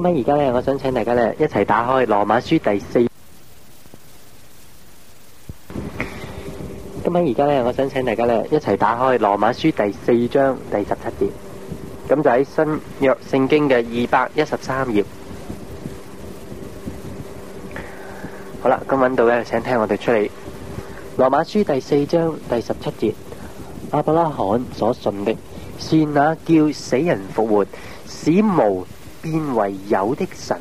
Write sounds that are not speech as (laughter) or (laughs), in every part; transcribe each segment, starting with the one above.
今晚而家咧，我想請大家咧一齊打開《羅馬書》第四。今晚而家咧，我想請大家咧一齊打開《羅馬書》第四章第十七節。咁就喺新約聖經嘅二百一十三頁。好啦，咁搵到咧，請聽我哋出嚟，《羅馬書》第四章第十七節。亞伯拉罕所信的，是那叫死人復活，使無變為有的神，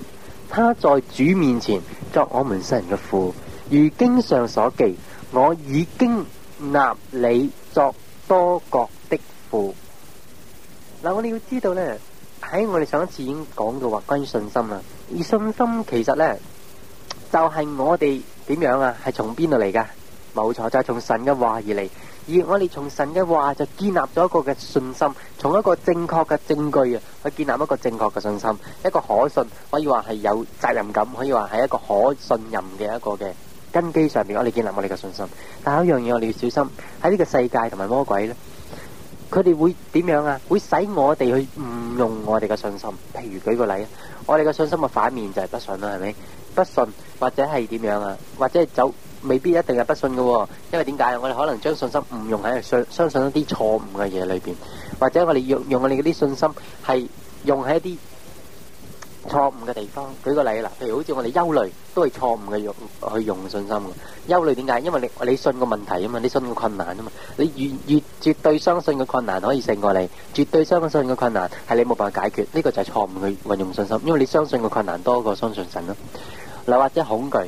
他在主面前作我們世人嘅父，如經上所記，我已經納你作多國的父。嗱，我哋要知道咧，喺我哋上一次已經講過話關於信心啦，而信心其實咧就係我哋點樣啊，係從邊度嚟㗎？冇錯，就係從神嘅話而嚟。而我哋從神嘅話就建立咗一個嘅信心，從一個正確嘅證據啊，去建立一個正確嘅信心，一個可信可以話係有責任感，可以話係一個可信任嘅一個嘅根基上面，我哋建立我哋嘅信心。但係有一樣嘢我哋要小心，喺呢個世界同埋魔鬼呢，佢哋會點樣啊？會使我哋去誤用我哋嘅信心。譬如舉個例，我哋嘅信心嘅反面就係不信啦，係咪？不信或者係點樣啊？或者係走。未必一定係不信嘅，因為點解啊？我哋可能將信心誤用喺相相信一啲錯誤嘅嘢裏邊，或者我哋用用我哋嗰啲信心係用喺一啲錯誤嘅地方。舉個例啦，譬如好似我哋憂慮都係錯誤嘅用去用信心嘅。憂慮點解？因為你你信個問題啊嘛，你信個困難啊嘛，你越越絕對相信個困難可以勝過你，絕對相信個困難係你冇辦法解決，呢個就係錯誤嘅運用信心。因為你相信個困難多過相信神咯。嗱，或者恐懼。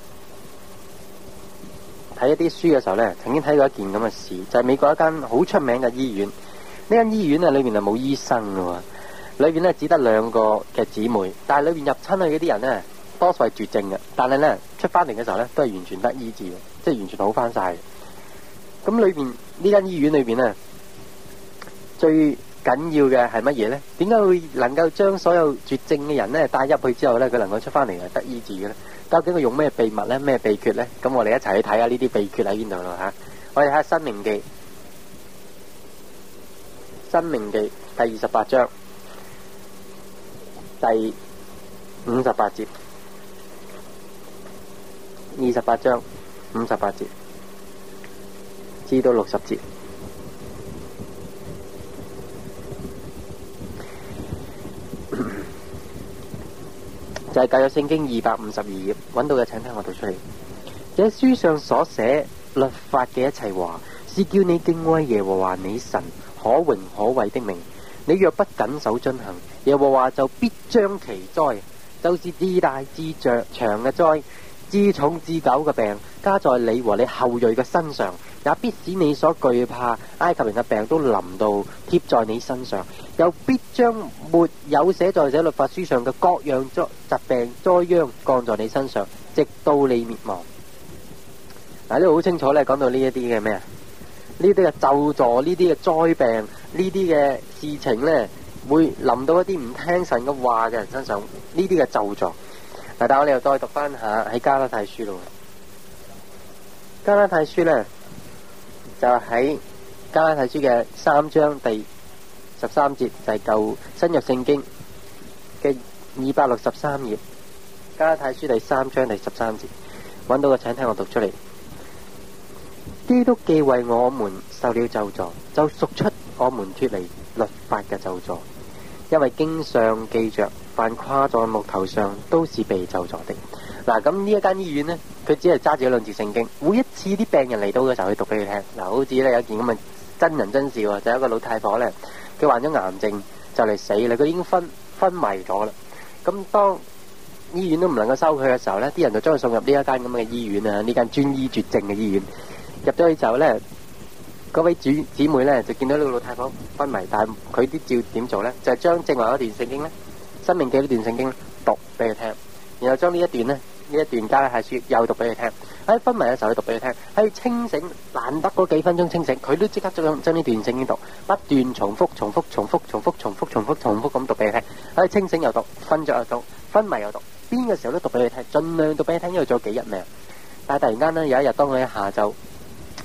睇一啲書嘅時候咧，曾經睇過一件咁嘅事，就係美國一間好出名嘅醫院。呢間醫院啊，裏邊啊冇醫生嘅喎，裏邊咧只得兩個嘅姊妹。但係裏邊入親去嗰啲人咧，多數係絕症嘅，但係咧出翻嚟嘅時候咧，都係完全得醫治嘅，即係完全好翻晒。咁裏邊呢間醫院裏邊啊，最緊要嘅係乜嘢咧？點解會能夠將所有絕症嘅人咧帶入去之後咧，佢能夠出翻嚟係得醫治嘅咧？究竟佢用咩秘密咧？咩秘訣咧？咁我哋一齊去睇下呢啲秘訣喺邊度咯吓！我哋睇《申命記》，《申命記》第二十八章第五十八節，二十八章五十八節至到六十節。就係教育聖經二百五十二頁，搵到嘅，請聽我讀出嚟。這書上所寫律法嘅一切話，是叫你敬畏耶和華你神可榮可畏的名。你若不謹守遵行，耶和華就必將奇災，就是至大至長長嘅災，至重至久嘅病，加在你和你後裔嘅身上。也必使你所懼怕埃及人嘅病都臨到貼在你身上，又必將沒有寫在這律法書上嘅各樣災疾病災殃降在你身上，直到你滅亡。嗱，呢度好清楚咧，講到呢一啲嘅咩啊？呢啲嘅咒詛，呢啲嘅災病、呢啲嘅事情咧，會臨到一啲唔聽神嘅話嘅人身上。呢啲嘅咒詛。嗱、啊，但我哋又再讀翻下喺加拉太書咯，加拉太書咧。就喺加拉太書嘅三章第十三節，就係、是、舊新約聖經嘅二百六十三頁，加拉太書第三章第十三節，揾到嘅，請聽我讀出嚟。基督既為我們受了咒詛，就贖出我們脱離律法嘅咒詛。因為經上記着，凡掛在木頭上，都是被咒詛的。嗱，咁呢一間醫院呢。佢只係揸住嗰兩節聖經，每一次啲病人嚟到嘅時候，佢讀俾佢聽。嗱，好似咧有一件咁嘅真人真事喎，就有一個老太婆咧，佢患咗癌症就嚟死啦，佢已經昏昏迷咗啦。咁當醫院都唔能夠收佢嘅時候咧，啲人就將佢送入呢一間咁嘅醫院啊，呢間專醫絕症嘅醫院。入咗去之後咧，嗰位主姊妹咧就見到呢個老太婆昏迷，但係佢啲照點做咧？就係將正話一段聖經咧，生命嘅呢段聖經咧，讀俾佢聽，然後將呢一段咧。呢一段佳咧係書又讀俾佢聽，喺昏迷嘅時候又讀俾佢聽，喺清醒難得嗰幾分鐘清醒，佢都即刻將將呢段整篇讀，不斷重複、重複、重複、重複、重複、重複、重複咁讀俾佢聽，喺清醒又讀，瞓著又讀，昏迷又讀，邊個時候都讀俾佢聽，盡量都俾佢聽，因為仲有幾日未啊！但係突然間咧有一日當我喺下晝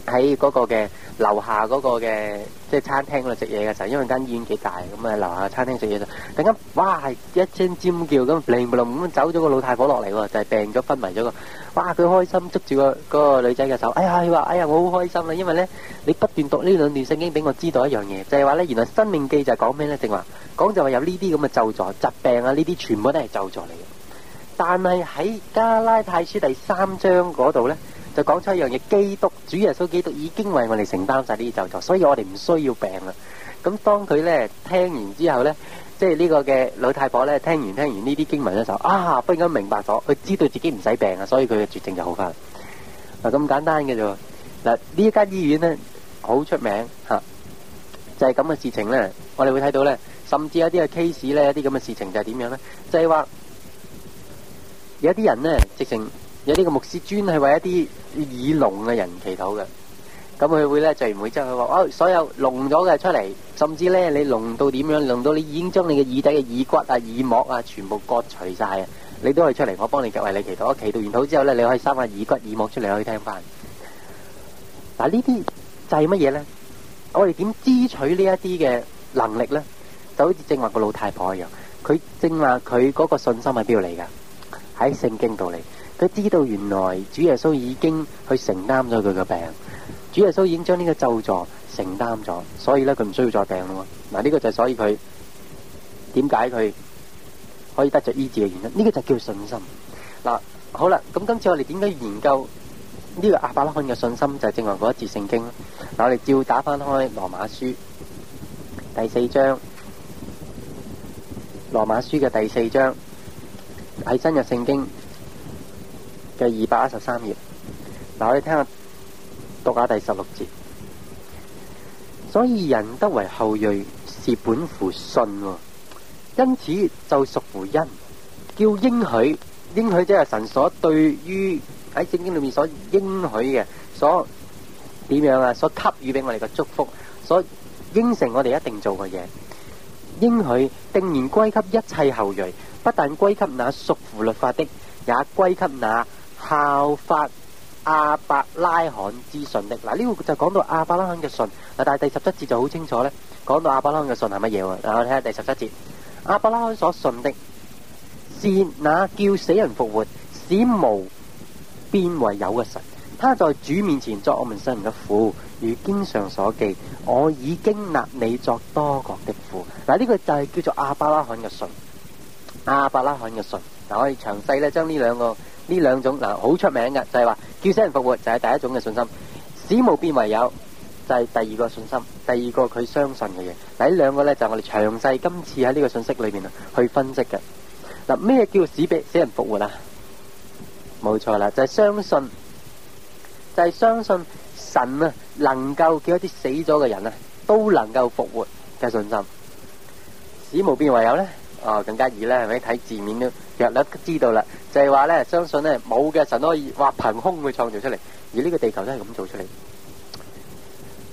喺嗰個嘅。樓下嗰個嘅即係餐廳度食嘢嘅時候，因為間醫院幾大咁啊，樓下餐廳食嘢就突然間哇一聲尖叫咁，零零隆咁走咗個老太婆落嚟喎，就係、是、病咗昏迷咗個。哇佢開心捉住個個女仔嘅手，哎呀佢話哎呀，哎呀我好開心啦，因為咧你不斷讀呢兩段聖經俾我知道一樣嘢，就係話咧，原來《生命記》就係講咩咧？正話講就話有呢啲咁嘅咒詛疾病啊，呢啲全部都係咒詛嚟嘅。但係喺加拉太書第三章嗰度咧。就講出一樣嘢，基督主耶穌基督已經為我哋承擔晒呢啲咒詛，所以我哋唔需要病啦。咁當佢咧聽完之後咧，即係呢個嘅老太婆咧聽完聽完呢啲經文嘅時候，啊，忽然間明白咗，佢知道自己唔使病啊，所以佢嘅絕症就好翻啦。嗱、啊、咁簡單嘅啫喎。嗱、啊、呢一間醫院咧好出名嚇、啊，就係咁嘅事情咧。我哋會睇到咧，甚至有啲嘅 case 咧，有啲咁嘅事情就係點樣咧？就係、是、話有啲人咧，直情。有呢個牧師專係為一啲耳聾嘅人祈禱嘅。咁佢會咧聚完會之後，佢話：哦，所有聾咗嘅出嚟，甚至咧你聾到點樣，聾到你已經將你嘅耳底嘅耳骨啊、耳膜啊，全部割除晒啊，你都可以出嚟，我幫你為你祈禱。我祈禱完禱之後咧，你可以生下耳骨、耳膜出嚟，可以聽翻。嗱，呢啲就係乜嘢咧？我哋點支取呢一啲嘅能力咧？就好似正話個老太婆一樣，佢正話佢嗰個信心係邊度嚟噶喺聖經度嚟。佢知道原來主耶穌已經去承擔咗佢嘅病，主耶穌已經將呢個咒詛承擔咗，所以咧佢唔需要再病咯。嗱，呢個就係所以佢點解佢可以得著醫治嘅原因。呢個就叫信心。嗱，好啦，咁今次我哋點解研究呢個亞伯拉罕嘅信心，就係正話嗰一節聖經。嗱，我哋照打翻開羅馬書第四章，羅馬書嘅第四章喺新約聖經，嘅二百一十三頁，嗱，我哋聽下讀下第十六節，所以人得為後裔是本乎信，因此就屬乎恩，叫應許，應許即係神所對於喺聖經裏面所應許嘅，所點樣啊？所給予俾我哋嘅祝福，所應承我哋一定做嘅嘢，應許定然歸給一切後裔，不但歸給那屬乎律法的，也歸給那。效法亞伯拉罕之信的嗱，呢、這個就講到亞伯拉罕嘅信嗱，但係第十七節就好清楚咧，講到亞伯拉罕嘅信係乜嘢。嗱，我睇下第十七節，亞伯拉罕所信的，是那叫死人復活、使無變為有嘅神。他在主面前作我們世人嘅父，如經上所記：我已經立你作多國的父。嗱，呢個就係叫做亞伯拉罕嘅信，亞伯拉罕嘅信。嗱，我哋詳細咧將呢兩個。呢兩種嗱，好出名嘅就係、是、話叫死人復活，就係、是、第一種嘅信心，使無變為有就係、是、第二個信心，第二個佢相信嘅嘢。嗱，呢兩個咧就是、我哋詳細今次喺呢個信息裏面啊去分析嘅。嗱、啊、咩叫死死人復活啊？冇錯啦，就係、是、相信，就係、是、相信神啊能夠叫一啲死咗嘅人啊都能夠復活嘅信心。使無變為有咧，哦更加易啦，係咪睇字面都略略知道啦。就係話咧，相信咧冇嘅神可以話憑空去創造出嚟，而呢個地球都係咁做出嚟。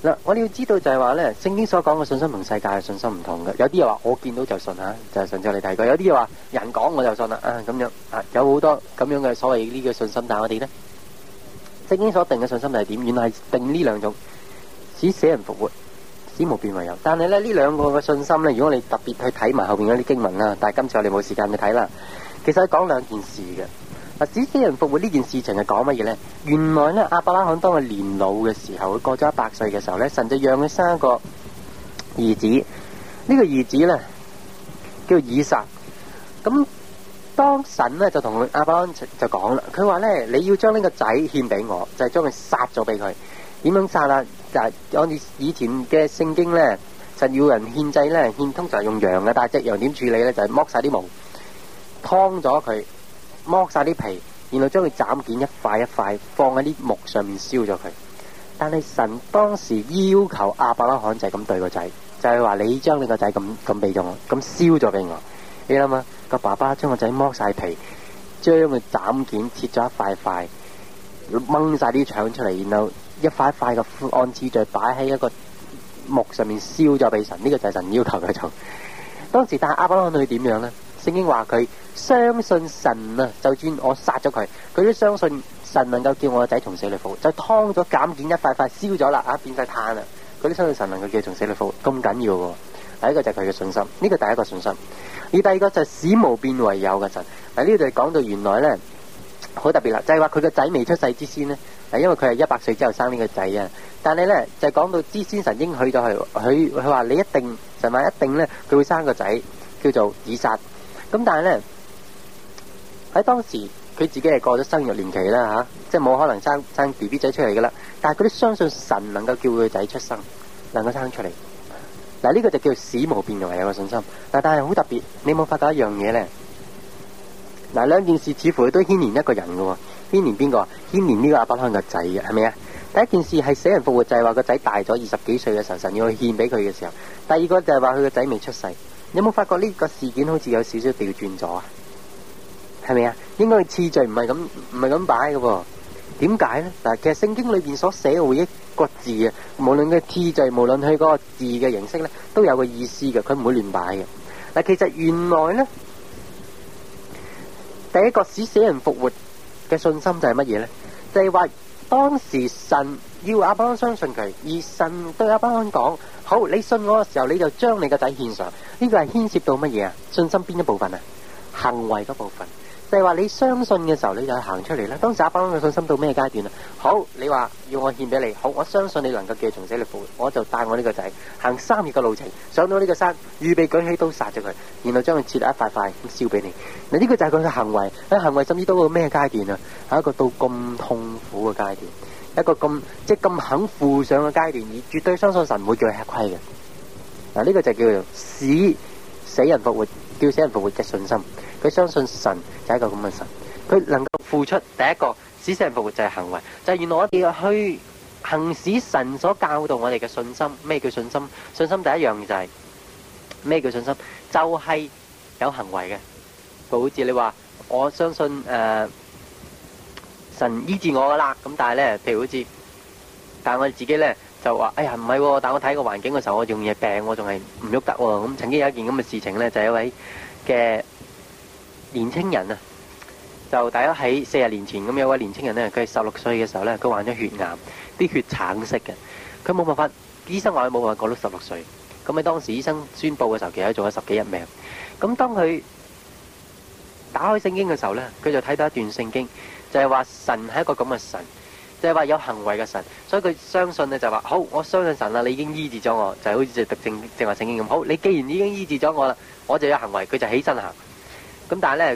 嗱，我哋要知道就係話咧，聖經所講嘅信心同世界嘅信心唔同嘅。有啲人話我見到就信吓、啊，就係上次我哋提過；有啲人話人講我就信啦啊，咁樣啊，有好多咁樣嘅所謂呢個信心。但係我哋咧，聖經所定嘅信心係點？原來係定呢兩種：使死人復活，使無變為有。但係咧呢兩個嘅信心咧，如果你特別去睇埋後邊嗰啲經文啦，但係今次我哋冇時間去睇啦。其實係講兩件事嘅，嗱，子子人復活呢件事情係講乜嘢咧？原來咧，亞伯拉罕，當佢年老嘅時候，過咗一百歲嘅時候咧，神就讓佢生一個兒子。呢、這個兒子咧叫做以撒。咁當神咧就同亞伯拉罕就講啦，佢話咧，你要將呢個仔獻俾我，就係將佢殺咗俾佢。點樣殺啊？就係、是、按以前嘅聖經咧，神要人獻祭咧，獻通常係用羊嘅，但係隻羊點處理咧？就係剝晒啲毛。湯咗佢，剝晒啲皮，然後將佢斬件一塊一塊放喺啲木上面燒咗佢。但係神當時要求亞伯拉罕就係咁對個仔，就係話你將你個仔咁咁俾我，咁燒咗俾我。你諗下個爸爸將個仔剝晒皮，將佢斬件切咗一塊一塊，掹晒啲腸出嚟，然後一塊一塊嘅按次序擺喺一個木上面燒咗俾神。呢、這個就係神要求佢做。當時但係亞伯拉罕佢點樣咧？聖經話佢相信神啊，就算我殺咗佢，佢都相信神能夠叫我個仔從死裏復活。就劏咗、斬件一塊塊，燒咗啦啊，變晒炭啦。佢都相信神能夠叫佢從死裏復活，咁緊要嘅。第一個就係佢嘅信心，呢個第一個信心。而第二個就係、使無變為有嘅神。嗱，呢度係講到原來咧好特別啦，就係話佢個仔未出世之先呢，因為佢係一百歲之後生呢個仔啊。但係咧就係、是、講到之先神應許咗佢，佢佢話你一定神話，一定咧佢會生個仔叫做以撒。咁但係咧，喺當時佢自己係過咗生育年期啦吓、啊，即係冇可能生生 B B 仔出嚟噶啦。但係佢都相信神能夠叫佢個仔出生，能夠生出嚟。嗱、啊、呢、這個就叫死無變為有個信心。嗱、啊、但係好特別，你冇發覺一樣嘢咧？嗱、啊、兩件事似乎都牽連一個人噶喎，牽連邊個？牽連呢個亞伯拉罕個仔嘅係咪啊？第一件事係死人復活祭話個仔大咗二十幾歲嘅時候，神，神要去獻俾佢嘅時候；第二個就係話佢個仔未出世。有冇發覺呢個事件好似有少少調轉咗啊？係咪啊？應該次序唔係咁，唔係咁擺嘅喎？點解咧？嗱，其實聖經裏邊所寫每一個字啊，無論佢次序，無論佢嗰個字嘅形式咧，都有個意思嘅，佢唔會亂擺嘅。嗱，其實原來咧，第一個使死人復活嘅信心就係乜嘢咧？就係話。當時神要阿班相信佢，而神對阿班講，好，你信我嘅時候，你就將你個仔獻上。呢個係牽涉到乜嘢啊？信心邊一部分啊？行為部分。就係話，你相信嘅時候，你就行出嚟啦。當時阿伯嘅信心到咩階段啊？好，你話要我獻俾你，好，我相信你能夠叫從死裏復活，我就帶我呢個仔行三月嘅路程，上到呢個山，預備舉起刀殺咗佢，然後將佢切得一塊塊咁燒俾你。嗱，呢個就係佢嘅行為，佢行為甚至到一個咩階段啊？係一個到咁痛苦嘅階段，一個咁即係咁肯負上嘅階段，而絕對相信神唔會叫佢吃虧嘅。嗱，呢個就叫做死，死死人復活，叫死人復活嘅信心。佢相信神就係一個咁嘅神，佢能夠付出第一個，使世人服就係行為，就係、是、原來我哋去行使神所教導我哋嘅信心。咩叫信心？信心第一樣嘢就係、是、咩叫信心？就係、是、有行為嘅。好似你話我相信誒、呃、神醫治我噶啦，咁但係咧，譬如好似，但係我哋自己咧就話，哎呀唔係、哦，但係我睇個環境嘅時候，我仲係病，我仲係唔喐得喎。咁曾經有一件咁嘅事情咧，就係、是、一位嘅。年輕人啊，就大家喺四十年前咁，有位年輕人呢，佢係十六歲嘅時候呢，佢患咗血癌，啲血橙色嘅，佢冇辦法，醫生話佢冇辦法過到十六歲，咁喺當時醫生宣布嘅時候，其實做咗十幾日命。咁當佢打開聖經嘅時候呢，佢就睇到一段聖經，就係話神係一個咁嘅神，就係話有行為嘅神，所以佢相信呢，就話好，我相信神啦，你已經醫治咗我，就好似就正正話聖經咁好。你既然已經醫治咗我啦，我就有行為，佢就起身行。咁但係咧，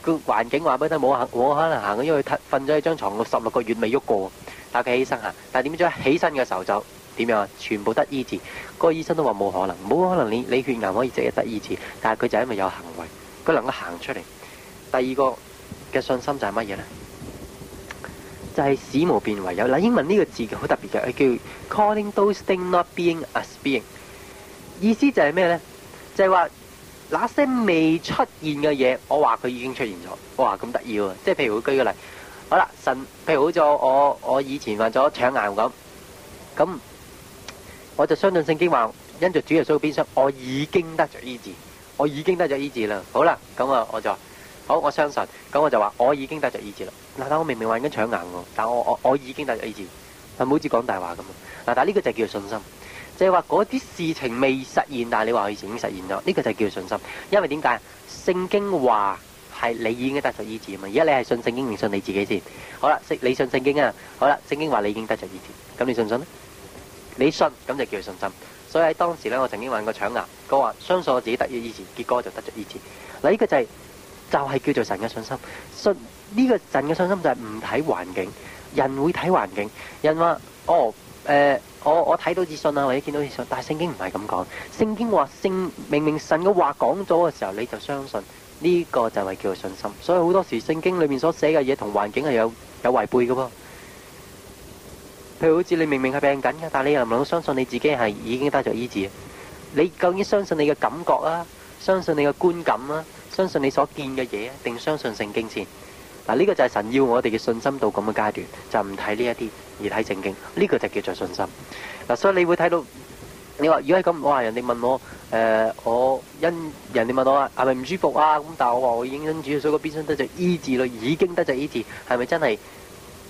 個個環境話俾你聽，冇肯冇可能行，因為佢瞓咗喺張床六十六個月未喐過，但佢起身行，但係點知起身嘅時候就點樣啊？全部得醫治，嗰、那個醫生都話冇可能，冇可能你你血癌可以真係得醫治，但係佢就因為有行為，佢能夠行出嚟。第二個嘅信心就係乜嘢咧？就係、是、史無變為有。嗱，英文呢個字好特別嘅，叫 calling those things not being as being，意思就係咩咧？就係話。那些未出現嘅嘢，我話佢已經出現咗。哇，咁得意喎！即係譬如我舉個例，好啦，神，譬如好似我我以前患咗腸癌咁，咁我就相信聖經話因着主耶穌嘅鞭傷，我已經得著醫治，我已經得著醫治啦。好啦，咁啊，我就話好，我相信，咁我就話我已經得著醫治啦。嗱，但我明明患緊腸癌喎，但我我我已經得著醫治，係好似講大話咁，嗱，但係呢個就叫信心。即係話嗰啲事情未實現，但係你話佢已經實現咗，呢個就係叫信心。因為點解？聖經話係你已經得咗醫治啊嘛。而家你係信聖經唔信你自己先？好啦，你信聖經啊。好啦，聖經話你已經得咗醫治，咁你信唔信呢？你信，咁就叫信心。所以喺當時咧，我曾經患過腸癌，我話相信我自己得咗醫治，結果就得咗醫治。嗱，呢個就係、是、就係、是、叫做神嘅信心。信呢個神嘅信心就係唔睇環境，人會睇環境，人話哦誒。呃我我睇到自信啊，或者見到自信，但係聖經唔係咁講。聖經話聖明明神嘅話講咗嘅時候，你就相信呢個就係叫做信心。所以好多時聖經裏面所寫嘅嘢同環境係有有違背嘅噃。譬如好似你明明係病緊嘅，但係你又唔能夠相信你自己係已經得咗醫治。你究竟相信你嘅感覺啦，相信你嘅觀感啦，相信你所見嘅嘢，定相信聖經前？嗱呢個就係神要我哋嘅信心到咁嘅階段，就唔睇呢一啲，而睇聖經。呢個就叫做信心。嗱，所以你會睇到，你話如果係咁，我話人哋問我，誒，我因人哋問我啊，係咪唔舒服啊？咁但係我話我已經因主，所以個醫生得咗醫治咯，已經得咗醫治，係咪真係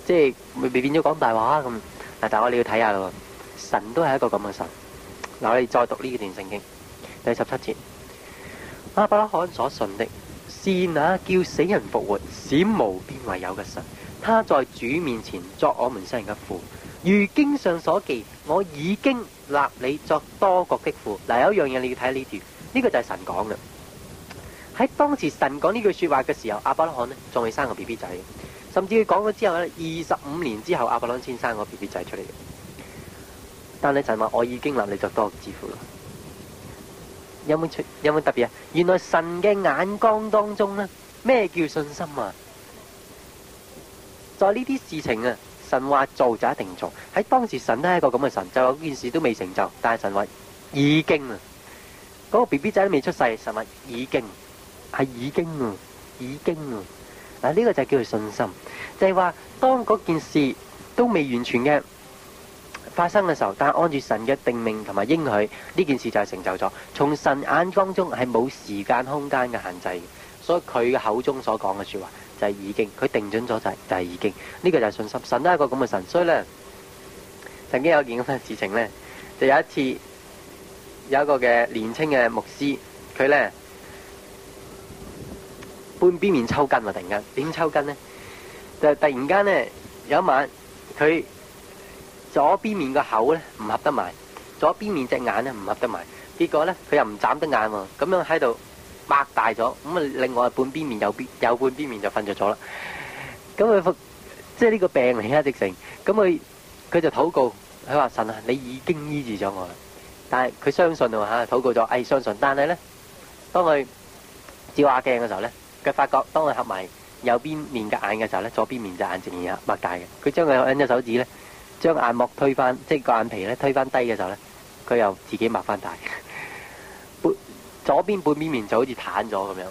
即係未變咗講大話咁？嗱，但係我哋要睇下喎，神都係一個咁嘅神。嗱，我哋再讀呢段聖經，第十七節，阿巴拉罕所信的。是那叫死人復活、使無變為有嘅神，他在主面前作我們生人嘅父。如經上所記，我已經立你作多國的父。嗱，有一樣嘢你要睇呢段，呢個就係神講嘅。喺當時神講呢句說話嘅時候，亞伯拉罕呢仲未生個 B B 仔，甚至佢講咗之後咧，二十五年之後阿伯朗先生個 B B 仔出嚟嘅。但係神話我已經立你作多國之父。有冇出有冇特別啊？原來神嘅眼光當中咧，咩叫信心啊？在呢啲事情啊，神話做就一定做。喺當時神都係一個咁嘅神，就話嗰件事都未成就，但係神話已經啊，嗰個 BB 仔都未出世，神話已經係已經啊，已經啊，嗱呢個就係叫做信心，就係話當嗰件事都未完全嘅。發生嘅時候，但係按住神嘅定命同埋應許，呢件事就係成就咗。從神眼光中係冇時間空間嘅限制嘅，所以佢口中所講嘅說話就係已經，佢定準咗就係就係已經。呢個就係信心。神都係一個咁嘅神，所以咧曾經有件咁嘅事情咧，就有一次有一個嘅年青嘅牧師，佢咧半邊面抽筋啊！突然間點抽筋呢？就突然間咧有一晚佢。左邊面個口咧唔合得埋，左邊面隻眼咧唔合得埋，結果咧佢又唔眨得眼喎，咁樣喺度擘大咗咁啊！另外半邊面右邊右半邊面就瞓著咗啦。咁佢服即係呢個病嚟啊！直成咁佢佢就禱告，佢話神啊，你已經醫治咗我啦。但係佢相信啊嚇禱告咗，哎相信。但係咧，當佢照下鏡嘅時候咧，佢發覺當佢合埋右邊面嘅眼嘅時候咧，左邊面隻眼仍然有擘大嘅。佢將佢揾隻手指咧。將眼膜推翻，即係個眼皮咧推翻低嘅時候咧，佢又自己抹翻大。半 (laughs) 左邊半邊面就好似癱咗咁樣，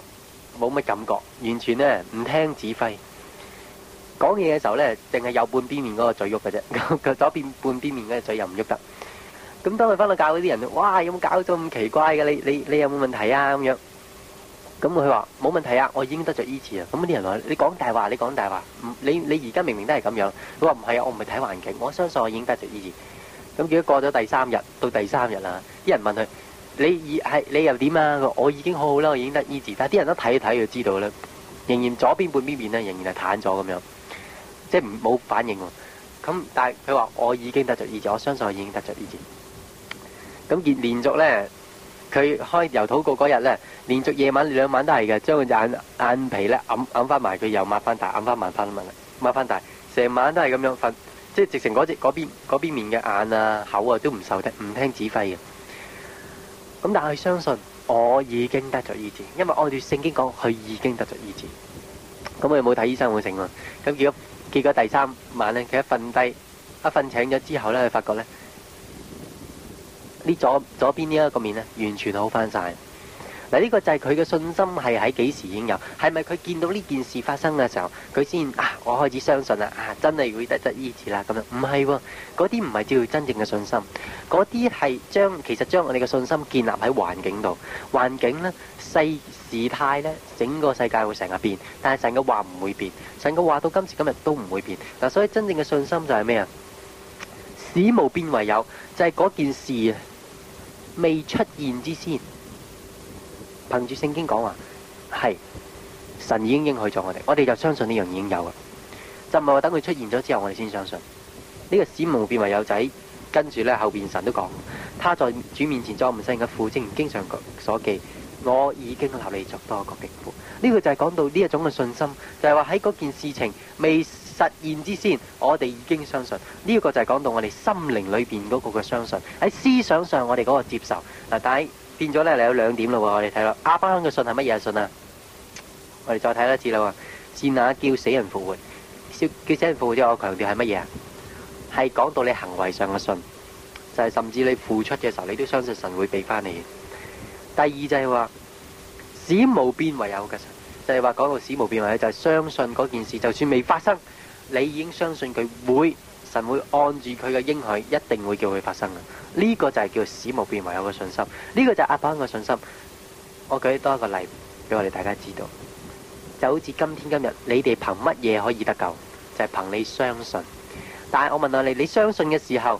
冇乜感覺，完全咧唔聽指揮。講嘢嘅時候咧，淨係右半邊面嗰個嘴喐嘅啫，個 (laughs) 左邊半邊面隻嘴又唔喐得。咁當佢翻到教嗰啲人，哇！有冇搞到咁奇怪嘅？你你你有冇問題啊？咁樣。咁佢話冇問題啊，我已經得咗醫治啊！咁啲人話：你講大話，你講大話，唔你你而家明明都係咁樣。佢話唔係啊，我唔係睇環境，我相信我已經得咗醫治。咁結果過咗第三日，到第三日啦，啲人問佢：你係你又點啊？我已經好好啦，我已經得醫治。但係啲人都睇一睇就知道啦，仍然左邊半邊面咧，仍然係癱咗咁樣，即係冇反應喎。咁但係佢話：我已經得咗醫治，我相信我已經得咗醫治。咁連連續咧。佢開油禱告嗰日咧，連續夜晚兩晚都係嘅，將佢隻眼眼皮咧揞揞翻埋，佢又擘翻大，揞翻埋翻咁樣，擘翻大，成晚都係咁樣瞓，即係直情嗰隻嗰邊嗰邊面嘅眼啊口啊都唔受得唔聽指揮嘅。咁但係相信我已經得咗醫治，因為按照聖經講，佢已經得咗醫治。咁佢冇睇醫生冇成喎，咁結果結果第三晚咧，佢一瞓低一瞓醒咗之後咧，佢發覺咧。呢左左邊呢一個面咧，完全好返晒。嗱，呢個就係佢嘅信心係喺幾時已經有，係咪佢見到呢件事發生嘅時候，佢先啊，我開始相信啦，啊，真係會得得醫治啦咁樣？唔係喎，嗰啲唔係照真正嘅信心，嗰啲係將其實將我哋嘅信心建立喺環境度。環境咧，世事態咧，整個世界會成日變，但係神嘅話唔會變，神嘅話到今時今日都唔會變。嗱，所以真正嘅信心就係咩啊？使無變為有，就係嗰件事啊！未出現之先，憑住聖經講話係神已經應許咗我哋，我哋就相信呢樣已經有噶，就唔係話等佢出現咗之後我哋先相信呢，這個使無變為有仔。跟住咧後邊神都講，他在主面前作唔起人家父，正如經上所記，我已經立你作多一個景父。呢，這個就係講到呢一種嘅信心，就係話喺嗰件事情未。實現之先，我哋已經相信，呢個就係講到我哋心靈裏邊嗰個嘅相信，喺思想上我哋嗰個接受嗱，但係變咗咧，你有兩點嘞喎，我哋睇咯，亞巴鄉嘅信係乜嘢信啊？我哋再睇一次嘞喎，竇亞叫死人復活，叫死人復活之後我強調係乜嘢啊？係講到你行為上嘅信，就係甚至你付出嘅時候你都相信神會俾返你。第二就係話，使無變為有嘅神。就係話講到使無變為有，就係相信嗰件事，就算未發生，你已經相信佢會，神會按住佢嘅應許，一定會叫佢發生嘅！呢個就係叫使無變為有個信心，呢個就係亞伯恩嘅信心。我舉多一個例俾我哋大家知道，就好似今天今日，你哋憑乜嘢可以得救？就係憑你相信。但係我問下你，你相信嘅時候？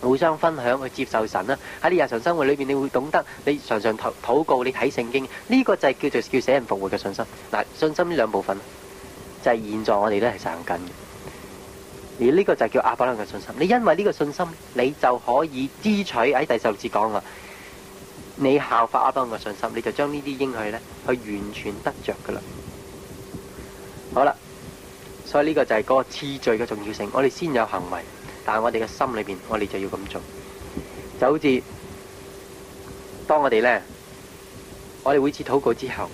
互相分享去接受神啦，喺你日常生活裏邊，你會懂得你常常禱告，你睇聖經，呢、這個就係叫做叫做死人復活嘅信心。嗱，信心呢兩部分，就係、是、現我在我哋都係爭緊，而呢個就叫阿伯拉罕嘅信心。你因為呢個信心，你就可以支取喺第十六節講啊，你效法阿伯拉罕嘅信心，你就將呢啲應許咧，去完全得着噶啦。好啦，所以呢個就係嗰個次序嘅重要性，我哋先有行為。但係我哋嘅心裏邊，我哋就要咁做，就好似當我哋咧，我哋每次禱告之後，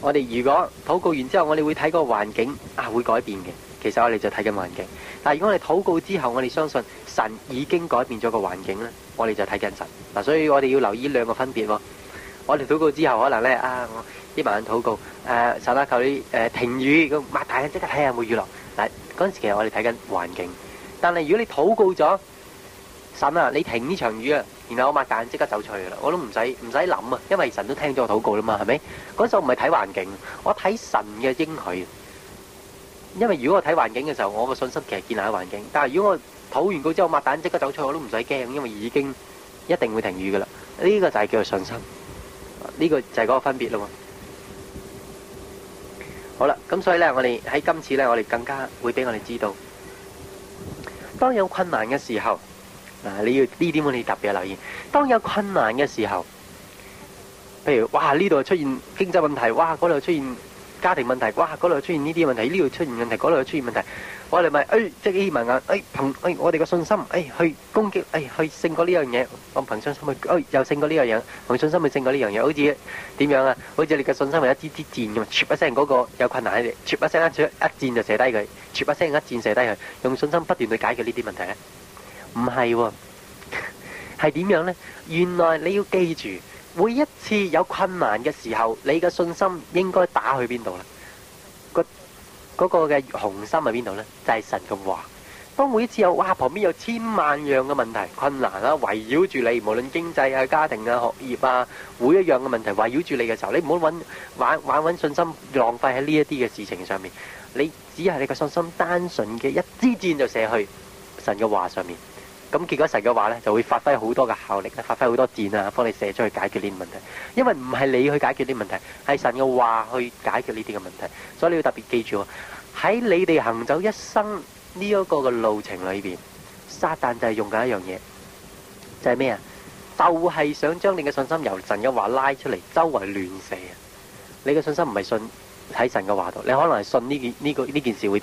我哋如果禱告完之後，我哋會睇個環境啊，會改變嘅。其實我哋就睇緊環境。但係如果我哋禱告之後，我哋相信神已經改變咗個環境咧，我哋就睇緊神嗱、啊。所以我哋要留意兩個分別、哦。我哋禱告之後，可能咧啊，我一晚禱告誒，手拉求你誒、啊，停雨咁擘大眼，即刻睇下有冇雨落嗱。嗰陣時其實我哋睇緊環境。但係如果你禱告咗，神啊，你停呢場雨啊，然後我擘大眼即刻走出去啦，我都唔使唔使諗啊，因為神都聽咗我禱告啦嘛，係咪？嗰時候唔係睇環境，我睇神嘅應許。因為如果我睇環境嘅時候，我個信心其實建立喺環境。但係如果我禱完告之後，我擘大眼即刻走出去，我都唔使驚，因為已經一定會停雨噶啦。呢個就係叫做信心，呢個就係嗰個分別咯。好啦，咁所以咧，我哋喺今次咧，我哋更加會俾我哋知道。當有困難嘅時候，嗱、啊，你要呢點我哋特別留意。當有困難嘅時候，譬如哇，呢度出現經濟問題，哇，嗰度出現家庭問題，哇，嗰度出現呢啲問題，呢度出現問題，嗰度出現問題。我哋咪，哎，即係眯埋眼，哎，憑，哎，我哋個信心，哎，去攻擊，哎，去勝過呢樣嘢，我憑信心去，哎，又勝過呢樣嘢，憑信心去勝過呢樣嘢，好似點樣啊？好似你嘅信心係一支支箭咁，唰一聲嗰個有困難喺度，唰一聲一箭就射低佢，唰一聲一箭射低佢，用信心不斷去解決呢啲問題咧，唔係喎，係點樣咧？原來你要記住，每一次有困難嘅時候，你嘅信心應該打去邊度啦？嗰個嘅紅心喺邊度呢？就係、是、神嘅話。當每一次有哇旁邊有千萬樣嘅問題困難啦、啊，圍繞住你，無論經濟啊、家庭啊、學業啊，每一樣嘅問題圍繞住你嘅時候，你唔好揾玩玩，玩信心浪費喺呢一啲嘅事情上面。你只係你嘅信心單純嘅一支箭就射去神嘅話上面。咁結果神嘅話咧，就會發揮好多嘅效力咧，發揮好多箭啊，幫你射出去解決呢啲問題。因為唔係你去解決呢啲問題，係神嘅話去解決呢啲嘅問題。所以你要特別記住喎，喺你哋行走一生呢一個嘅路程裏邊，撒旦就係用緊一樣嘢，就係咩啊？就係想將你嘅信心由神嘅話拉出嚟，周圍亂射。你嘅信心唔係信喺神嘅話度，你可能係信呢件呢個呢件事會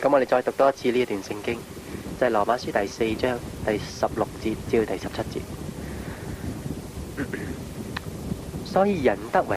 咁我哋再讀多一次呢一段聖經，就係、是、羅馬書第四章第十六節至到第十七節。咳咳，所以人得為。